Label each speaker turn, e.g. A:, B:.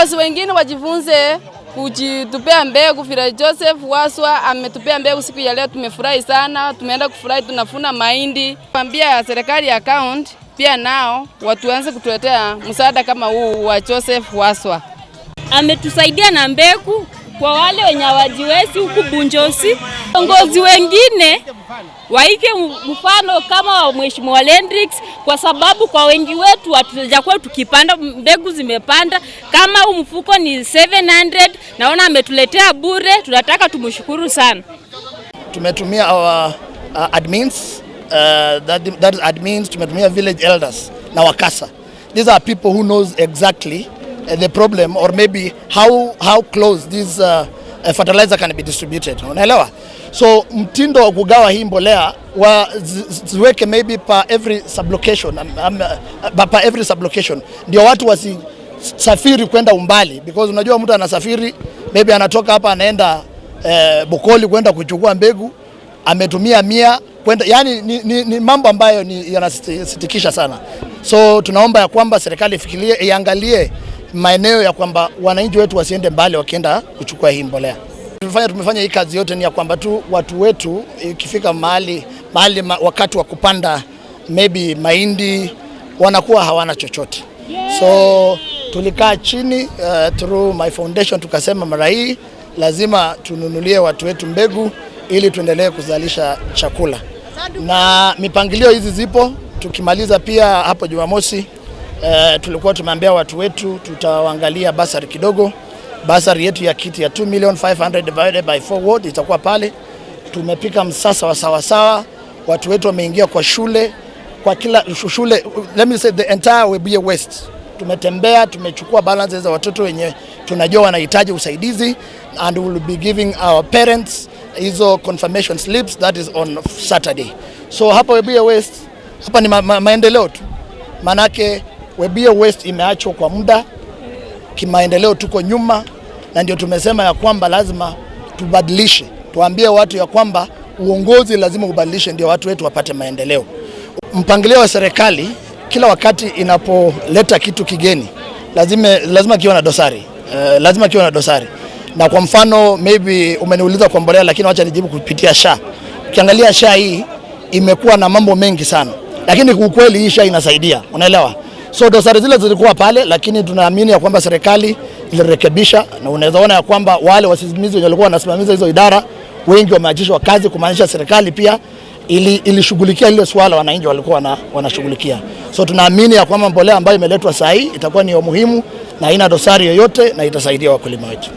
A: viongozi wengine wajifunze kujitupea mbegu vile Joseph Waswa ametupea mbegu siku ya leo. Tumefurahi sana, tumeenda kufurahi, tunafuna mahindi. Kwambia serikali ya kaunti pia nao watuanze kutuletea msaada kama huu wa Joseph Waswa.
B: Ametusaidia na mbegu kwa wale wenye wajiwesi huku Bunjosi. Viongozi wengine waike mfano kama Mheshimiwa Lendrix, kwa sababu kwa wengi wetu hatujakuwa tukipanda mbegu, zimepanda kama huu mfuko ni 700 naona ametuletea bure, tunataka tumshukuru sana.
C: Tumetumia our uh, admins uh, that, that is admins, tumetumia village elders na wakasa. These are people who knows exactly Uh, the problem or maybe how, how close this uh, uh, fertilizer can be distributed. Unaelewa? So mtindo wa kugawa hii mbolea wa ziweke maybe per every sublocation um, uh, per every sublocation ndio watu wasisafiri kwenda umbali, because unajua mtu anasafiri maybe anatoka hapa anaenda eh, Bokoli kwenda kuchukua mbegu ametumia mia kwenda, yani ni, ni, ni mambo ambayo yanasitikisha sana. So tunaomba ya kwamba serikali ifikirie, iangalie maeneo ya kwamba wananchi wetu wasiende mbali wakienda kuchukua hii mbolea. Tumefanya tumefanya hii kazi yote ni ya kwamba tu watu wetu ikifika mahali mahali wakati wa kupanda maybe mahindi wanakuwa hawana chochote, so tulikaa chini uh, through my foundation tukasema mara hii lazima tununulie watu wetu mbegu ili tuendelee kuzalisha chakula, na mipangilio hizi zipo. Tukimaliza pia hapo Jumamosi e, tulikuwa tumeambia watu wetu tutawaangalia basari kidogo. Basari yetu ya kiti ya 2 million 500 divided by 4 ward itakuwa pale. Tumepika msasa wa sawasawa, watu wetu wameingia kwa shule kwa kila shule, let me say the entire Webuye West. Tumetembea, tumechukua balance za watoto wenye tunajua wanahitaji usaidizi and we will be giving our parents hizo confirmation slips that is on Saturday. So hapa Webuye West hapa ni ma ma maendeleo tu manake Webuye West imeachwa kwa muda, kimaendeleo tuko nyuma, na ndio tumesema ya kwamba lazima tubadilishe, tuambie watu ya kwamba uongozi lazima ubadilishe, ndio watu wetu wapate maendeleo. Mpangilio wa serikali kila wakati inapoleta kitu kigeni lazima, lazima kiwe na dosari uh, lazima kiwe na dosari. Na kwa mfano maybe umeniuliza kwa mbolea, lakini wacha nijibu kupitia SHA. Ukiangalia SHA hii imekuwa na mambo mengi sana, lakini kwa ukweli hii SHA inasaidia, unaelewa. So dosari zile zilikuwa pale, lakini tunaamini ya kwamba serikali ilirekebisha, na unaweza ona ya kwamba wale wasimamizi wenye walikuwa wanasimamiza hizo idara wengi wameachishwa kazi, kumaanisha serikali pia ili ilishughulikia lile swala wananchi walikuwa wanashughulikia. So tunaamini ya kwamba mbolea ambayo imeletwa sahii hii itakuwa ni muhimu na haina dosari yoyote na itasaidia wakulima wetu.